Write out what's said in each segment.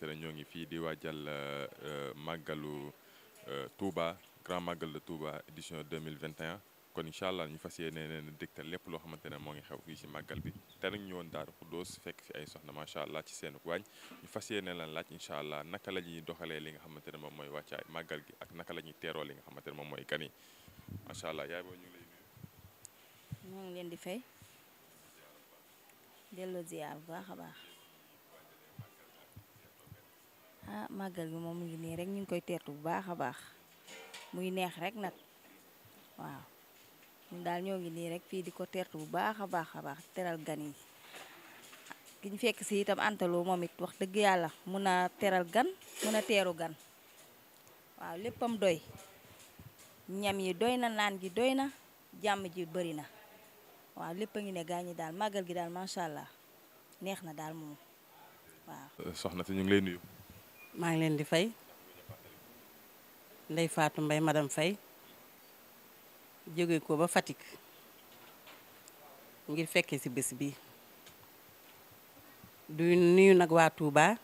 xamante ñoo ngi fii di waajal euh, euh, màggalu euh, Touba grand màggal de Touba édition 2021 kon incha allah ñu fas yéene leen dégtal lépp loo xamante ne moo ngi xew fii màggal bi te nag ñu woon Daaru Xuddoos fekk fi ay soxna macha allah ci seen waañ ñu fas yéene lan laaj incha allah naka la ñuy doxalee li nga xamante ne moom mooy wàccaay màggal gi ak naka la ñuy teeroo li nga xamante ne moom mooy gan yi macha allah yaay boo ñu ngi lay nuyu. leen di fay delloo ziar baax a baax. ah màggal gi mi ngi ni rek ñu koy tétu bu baax a baax muy neex rek nak waaw ñu dal ñoo ngi ni rek fi diko ko teertu bu baax a baax a gan yi giñ fekk ci itam antalo momit wax deug yalla muna téral gan muna téru gan waaw leppam doy ñam yi doy na naan gi doy na ji bari na waaw lepp ngi ne gañi dal magal gi dal ma sha allah neex na dal mom waaw. Eh, soxna ci ñu ngi lay nuyu. maa ngi leen di fay Ndeye Fatou Mbaye madame Faye jóge ko ba fatik ngir fekke ci bis bi du nuyu nag waa Touba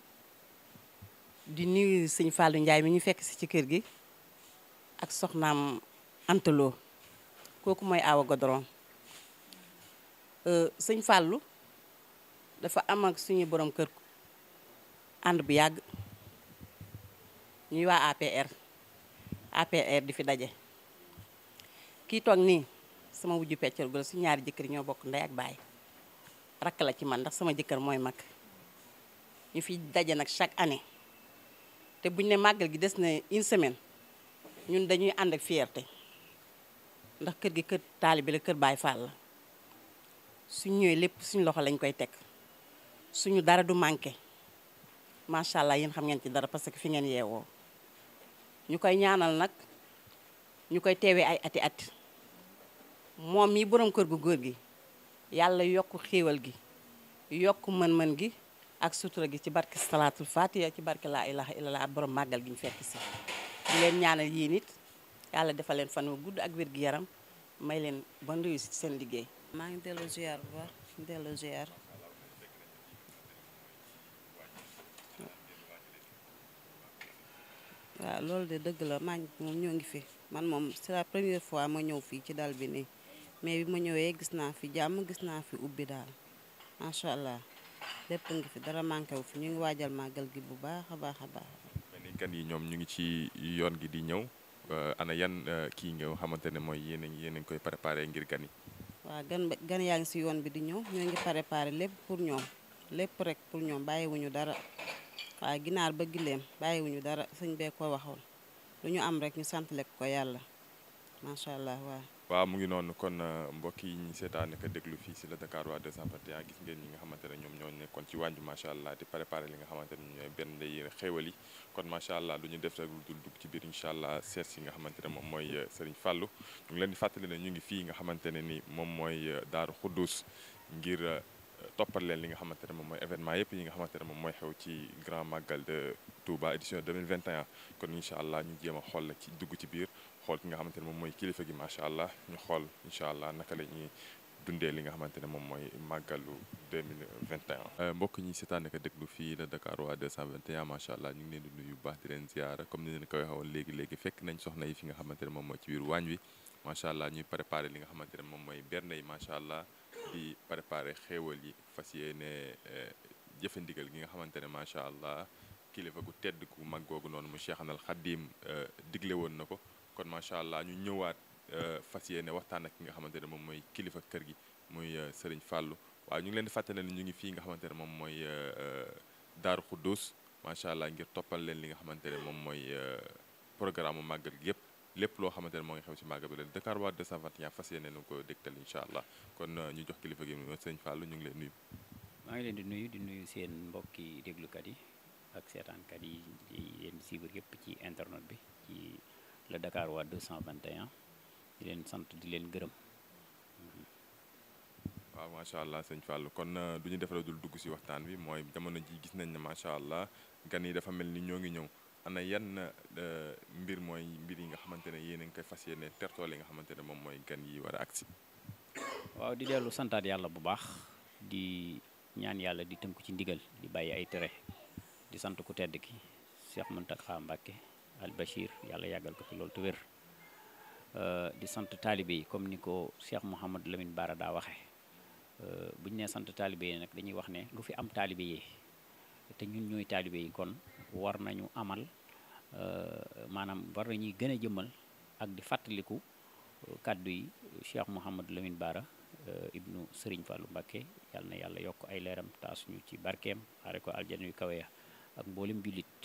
di nuyu sëñ Fallou njaay mi ñu fekk si ci kër gi ak soxnaam antaloo kooku mooy Awa Godoron euh, sëñ Fallou dafa am suñu borom kër ànd bu yàgg ñuy wa APR APR di fi daje ki tok ni sama wujju peccal gol ci su ñaari jëkkër ñoo bokk ak bay rak la ci man ndax sama jëkër moy mak ñu fi daje nak chaque année te buñ né màggal gi dess né une semaine ñun dañuy and ak fierté ndax kër gi kër talibé la kër bay fall suñ ñëw lépp suñ loxo lañ koy teg suñu dara du manké macha allah yéen xam ngeen ci dara parce que fi ngeen ñu koy ñaanal nag ñu koy teewee ay ati at moom mi boroom kër gu góor gi yàlla yokk xéewal gi yokk mën-mën gi ak sutura gi ci barke salaatul fatiha ci barke laa ilaha illallah borom màggal gi ñu fekk si leen ñaanal yii nit yàlla defal leen fan wu gudd ak wér gi yaram may leen ba nduyu seen liggéey maa ngi delloo ziar bu baax waaw loolu de dëgg la maañ moom ñoo ngi fi man moom c'est la première fois ma ñëw fii ci dal bi nii mais bi ma ñëwee gis naa fi jàmm gis naa fi ubbi daal macha allah lépp ngi fi dara manqué wu fi ñu ngi waajal màggal gi bu baax a baax a baax. kan yi ñoom ñu ngi ci yoon gi di ñëw euh, ana yan euh, kii nga xamante ne mooy yéen a yéen a ngi koy préparé ngir gan yi. waaw gan gan yaa ngi si yoon bi di ñëw ñoo ngi préparé lépp pour ñoom. lépp rek pour ñoom bàyyiwuñu dara waaye ginaar ba gileem bàyyiwuñu dara sëñ bee ko waxoon lu ñu am rek ñu sant santale ko yàlla macha allah waaw. mu ngi noonu kon euh, mbokk yi ñu seetaan ak déglu fii si la Dakar waa 221 gis ngeen ñi nga xamante ne ñoom ñoo nekkoon ci wàññi macha allah di préparé li nga xamante ne ñooy benn yi xéewal yi kon macha allah du ñu def rek dugg ci biir incha allah seet si nga xamante ne moom mooy euh, Serigne Fallou ñu leen di fàttali ne ñu ngi fii nga xamante ne ni moom mooy euh, Daaru Xuddus ngir. toppal leen li nga xamante ne moom mooy événement yëpp yi nga xamante ne moom mooy xew ci grand magal de Touba édition 2021 kon incha allah ñu jéem a xool la ci dugg ci biir xool ki nga xamante moom mooy kilifa gi macha allah ñu xool incha allah naka la ñuy dundee li nga xamante ne moom mooy màggalu 2021. Euh, mbokk ñi seetaan ak déglu fii la Dakar waa 221 macha allah ñu ngi leen di nuyu bu baax di leen ziara comme ni leen ko waxee léegi léegi fekk nañ soxna yi fi nga xamante ne moom mooy ci biir waañ wi macha allah ñuy préparé li nga xamante ne moom mooy berne yi macha di préparer xéewal yi fas yéene eh, jëfandigal gi nga xamante ne macha allah kilifa gu tedd gu mag googu noonu mu Cheikh Anal Xadim eh, digle woon na ko kon macha allah ñu ñëwaat eh, fas yéene waxtaan ak ki nga xamante ne moom mooy kilifa kër gi muy Serigne fàllu waaw ñu ngi leen di fàttali ne ñu ngi fii nga xamante ne moom mooy Daaru Xuddoos macha allah ngir toppal leen li nga xamante ne moom mooy programme mu màggal gi yëpp. lépp loo xamante ne moo ngi xew ci màggal bi leen Dakar waa 221 fas yéene nu ko dégtal incha allah kon euh, ñu jox kilifa gi mu sëñ Fallou ñu ngi leen nuyu. maa ngi leen di nuyu di nuyu seen mbokki déglukat yi ak seetaankat yi di leen suivre yëpp ci internet bi ci le Dakar waa 221 di leen sant di leen gërëm. Mm-hmm. waaw macha allah sëñ Fallou kon euh, du ñu defal dul dugg ci waxtaan bi mooy jamono ji gis nañ ne macha allah gan yi dafa mel ni ñoo ngi ñëw. ana yan eh, mbir mooy mbir yi nga xamante ne yéen a ngi koy fas yéene tertool nga xamante ne moom mooy gan yi war a waaw di dellu santaat yàlla bu baax di ñaan yàlla di ko ci ndigal di bàyyi ay tere di sant ku tedd ki seex Mountakha Mbacké Al Bachir yàlla yàggal ko fi loolu te wér eh, di sant taalibe yi comme ni ko seex Mouhamadou Lamine Bara daa waxee eh, bu ñu nee sant taalibe yi nag dañuy wax ne lu fi am taalibe yi te ñun ñooy taalibe yi kon war nañu amal euh, maanaam war nañuy gën a jëmmal ak di fàttaliku euh, kàddu yi euh, Cheikh Mouhamadou Lamine Bara ibnu Serigne Fallou Mbacké yàlla na yàlla yokk ay leeram taas ñu ci barkeem xaare ko aljana yu kawe ak mboolem jullit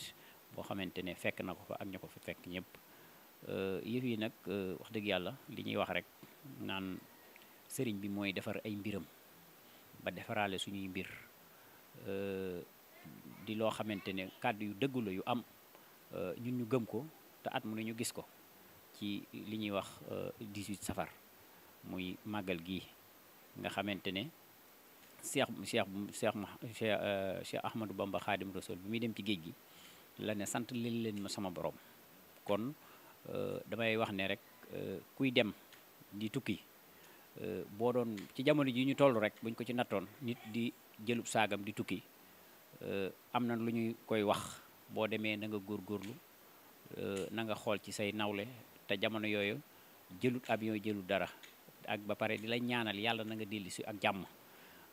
boo xamante ne fekk na ko fa ak ña ko fa fekk ñëpp yëf yi nag wax dëgg yàlla li ñuy wax rek naan sëriñ bi mooy defar ay mbiram ba defaraale suñuy mbir di loo xamante ne kàddu yu dëggu yu am euh, ñun ñu gëm ko te at mu ne ñu gis ko ci li ñuy wax 18 euh, safar muy màggal gi nga xamante ne cheikh cheikh cheikh euh, cheikh ahmadou bamba xaadim rasul bi muy dem ci géej gi la ne sant leen leen ma sama borom kon damay wax ne rek kuy dem di tukki boo doon ci jamono ji ñu toll rek buñ ko ci nattoon nit di jëlub saagam di tukki Euh, am na lu ñu koy wax boo demee na nga góorgóorlu euh, na nga xool ci say nawle te jamono yooyu jëlut avion jëlut dara ak ba pare di la ñaanal yàlla na nga dellu si ak jàmm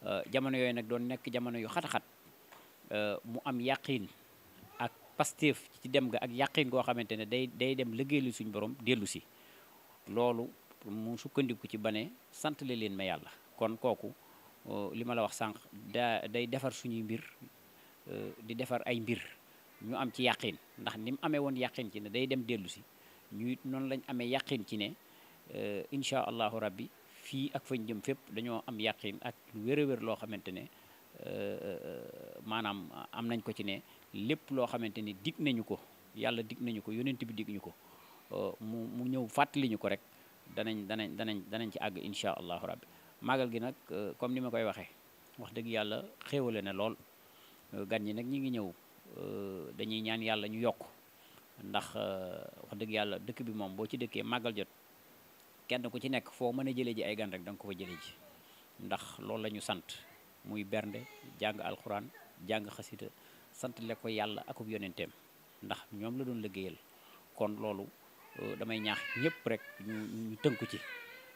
euh, jamono yooyu nag doon nekk jamono yu xat-xat mu am yàqin ak pastéef ci dem ga ak yàqiin goo xamante ne day day dem liggéeylu suñ borom dellu si loolu mu sukkandiku ci ba ne sant leen ma yàlla kon kooku li ma la wax sànq day defar suñuy mbir Euh, di defar ay mbir ñu am ci yàqin ndax ni mu amee woon yàqin ci ne day dem dellu si ñu noonu lañ amee yàqin ci ne euh, incha allahu rabbi fii ak fañ jëm fépp dañoo am yàqin ak lu wér wér loo xamante ne euh, maanaam am nañ ko ci ne lépp loo xamante ni dig nañu ko yàlla digg nañu ko yonent bi dig ñu ko mu mu ñëw fàttaliñu ko rek danañ danañ danañ danañ ci àgg incha allahu rabbi màggal gi nag comme ni ma koy waxee wax dëgg yàlla xéewale na lool Euh, gan ñi nag ñu ngi ñëw euh, dañuy ñaan yàlla ñu yokk ndax euh, wax dëgg yàlla dëkk bi moom boo ci dëkkee màggal jot kenn ku ci nekk foo mën a jëlee ji ay gan rek da nga ko fa jëlee ji ndax loolu lañu sant muy bernde jàng alxuraan jàng xasida sant le ko yàlla akub yonenteem ndax ñoom la doon liggéeyal kon loolu damay ñaax ñëpp rek ñu ñu tënku ci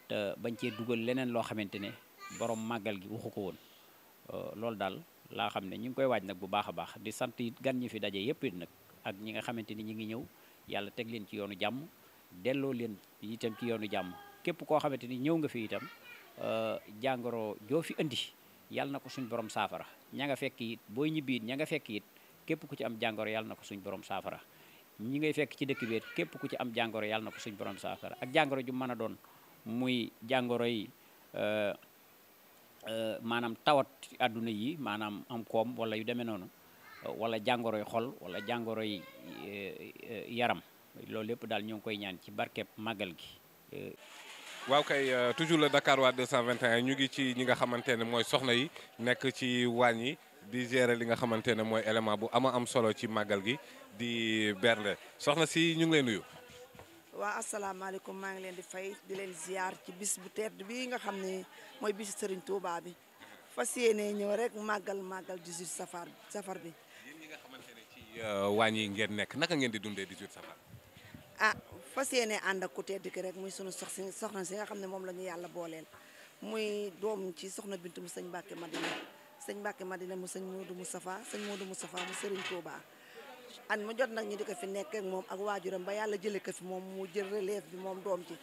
te bañ cee dugal leneen loo xamante ne borom màggal gi waxu ko woon loolu daal laa xam ne ñu ngi koy waaj nag bu baax a baax di sant gan ñi fi daje yëpp it nag ak ñi nga xamante ni ñi ngi ñëw yàlla teg leen ci yoonu jàmm delloo leen itam ci yoonu jàmm képp koo xamante ni ñëw nga fi itam euh, jàngoro joo fi indi yàlla na ko suñ borom saafara ña nga fekk it booy ñibbi it ña nga fekk it képp ku ci am jàngoro yàlla na ko suñ borom saafara ñi ngay fekk ci dëkk képp ku ci am jàngoro yàlla na ko suñ borom saafara ak jàngoro ju mën a doon muy jàngoro yi euh, Euh, maanaam tawat àdduna yi maanaam am koom wala yu demee noonu euh, wala jàngoroy xol wala jàngoroy euh, yaram loolu lépp daal ñoo ngi koy ñaan ci barkeb màggal gi. waaw kay toujours le Dakar waa 221 ñu ngi ci ñi nga xamante ne mooy soxna yi nekk ci waañ yi di gérer li nga xamante ne mooy élément bu ama am solo ci màggal gi di bernde soxna si ñu ngi lay nuyu. waa asalaamaaleykum maa ngi leen di fay di leen ziar ci bis bu tedd bi nga xam ne mooy bisu sëriñ Touba bi fas yéenee ñëw rek màggal màggal 18 safar safar bi. yéen ñi yi euh, ngeen nekk naka ngeen di dundee 18 safar. ah fas yéenee ànd ak ku tedd ki rek muy sunu sox si soxna si nga xam ne moom lañu ñu yàlla booleel muy doom ci soxna Bintu mu sëñ Mbacke Madina sëñ Mbacke Madina mu sëñ Modou Moustapha sëñ Modou Moustapha mu Serigne Touba. at mu jot nag ñu di ko fi nekk moom ak waajuram ba yàlla jëlee ko moom mu jël relève bi moom doom ci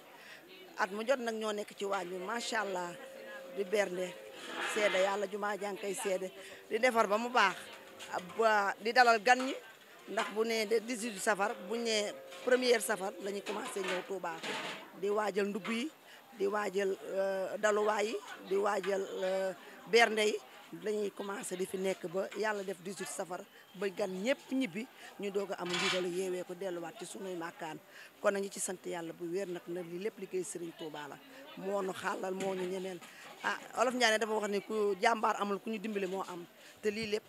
at mu jot nag ñoo nekk ci waañ bi macha allah di bernde seede yàlla jumaa jànkay seede di defar ba mu baax di dalal gan ñi ndax bu nee de safar bu nee première safar la ñu commencé ñëw baax di waajal ndugg yi di waajal euh, daluwaay yi di waajal euh, bernde yi lañuy commencé di fi nekk ba yàlla def 18 safara ba gan ñëpp ñibbi ñu doog a am njiitalu yeewee ko delluwaat ci sunuy màkkaan kon nañu ci sant yàlla bu wér nag na li lépp liggéey Serigne Touba la moo nu xàllal moo ñu ñeneel ah olof Ndiané dafa wax ne ku jàmbaar amul ku ñu dimbali moo am te lii lépp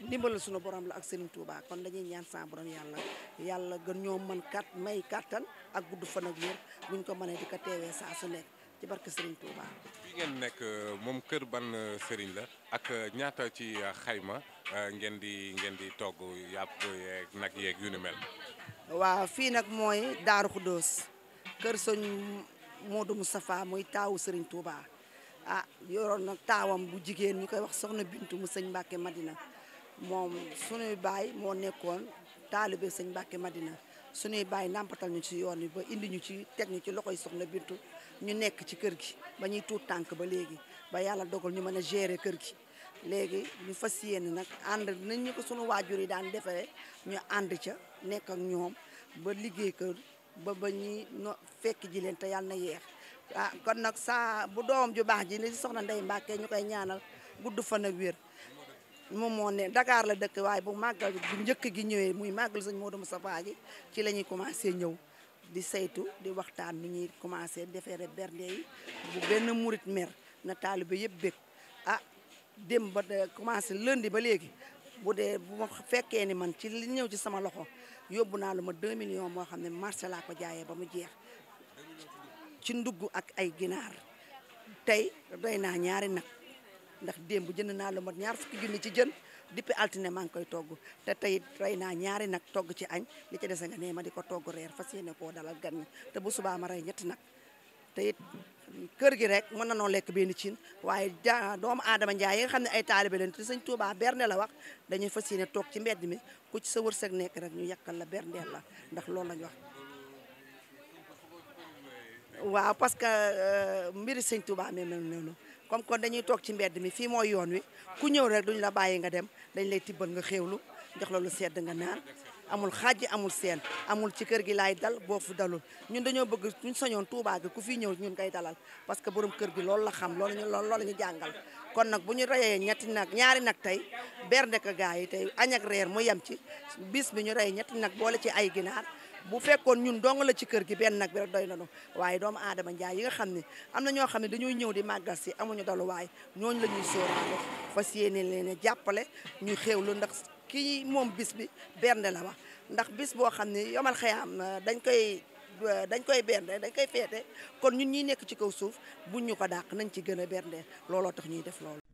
ndimbalal suñu borom la ak Serigne Touba kon dañuy ñaan sa borom yàlla yàlla gën ñoo mën kat may kattan ak gudd fan ak wér buñ ko mënee di ko teewee su nekk ci barke Serigne Touba. fi ngeen nekk moom kër ban euh, Serigne la. ak euh, ñaata ci euh, xayma euh, ngeen di ngeen di togg yàpp yeeg nag yeeg yu ni mel. waaw fii nag mooy Daaru Xuddoos kër sëñ Modou safaa muy taawu sëriñ tuubaa ah yoroon nag taawam bu jigéen ñu koy wax soxna Bintu mu sëñ Mbacke Madina moom suñuy baay moo nekkoon taalibe sëñ Mbacke Madina suñuy baay nàmpatal ñu ci yoon wi ba indi ñu ci teg ñu ci loxoy soxna Bintu ñu nekk ci kër gi ba ñuy tuut tànk ba léegi. ba yàlla dogal ñu mën a gérer kër gi léegi ñu fas yéene nag ànd nañ ñu ko sunu waajur yi daan defee ñu ànd ca nekk ak ñoom ba liggéey kër ba ba ñuy no fekk ji leen te yàlla na yeex ah kon nag saa bu doom ju baax ji ni soxna Ndeye Mbacke ñu koy ñaanal gudd fan ak wér moom moo ne Dakar la dëkk waaye bu màggal bu njëkk gi ñëwee muy sañ moo sëñ sa Moustapha ji ci la ñuy commencé ñëw di saytu di waxtaan mu ñuy commencé defere bernde yi bu benn murit mer na taalibe yeb bég ah dem ba commencé lundi ba légui bu bu ma féké ni man ci li ñew ci sama loxo yóbbu naa lu ma 2 millions mo xamné marché la ko jaayé ba mu jeex ci ndugg ak ay ginar tay doyna ñaari nak ndax bu jënd na luma ñaar fukki junni ci jën depuis altiné maa ngi koy togg té tay doyna ñaari nak togg ci añ li ci dese nga nee ma di togg rër fas ko dalal gan té bu suba ma rey ñett nak te it kër gi rek mën na noo lekk benn cin waaye ja doomu aadama njaay yi nga xam ne ay taalibe leen te sëñ Tuubaa bernde la wax dañuy fas yéene toog ci mbedd mi ku ci sa wërsëg nekk rek ñu yàkkal la berndeel la ndax loolu lañ wax waaw parce que euh, mbiri sëñ Tuubaa mi mel noonu comme kon dañuy toog ci mbedd mi fii mooy yoon wi ku ñëw rek duñu la bàyyi nga dem dañ lay tibbal nga xéewlu jox la lu sedd nga naan amul xaaj amul seen amul ci kër gi laay dal boo fu dalul ñun dañoo bëgg ñu soñoon Touba gi ku fi ñëw ñun ngay dalal parce que borom kër gi loolu la xam loolu ñu loolu la ñu jàngal kon nag bu ñu reyee ñetti nag ñaari nag tey bernde ko gaa yi tey añ ak reer mu yem ci bis bi ñu reyee ñetti nag boole ci ay ginaar bu fekkoon ñun dong la ci kër gi benn nag bi rek doy nañu waaye doomu aadama njaay yi nga xam ne am na ñoo xam ne dañuy ñëw di màggal si amuñu daluwaay ñooñu la ñuy sóoraale fas yéene leen jàppale ñu xéewlu ndax kii moom bis bi bernde la wax ndax bis boo xam ne yomal na euh, dañ koy euh, dañ koy bernde dañ koy feete kon ñun ñi nekk ci kaw suuf buñ ñu ko dàq nañ ci gën a bernde looloo tax ñuy def loolu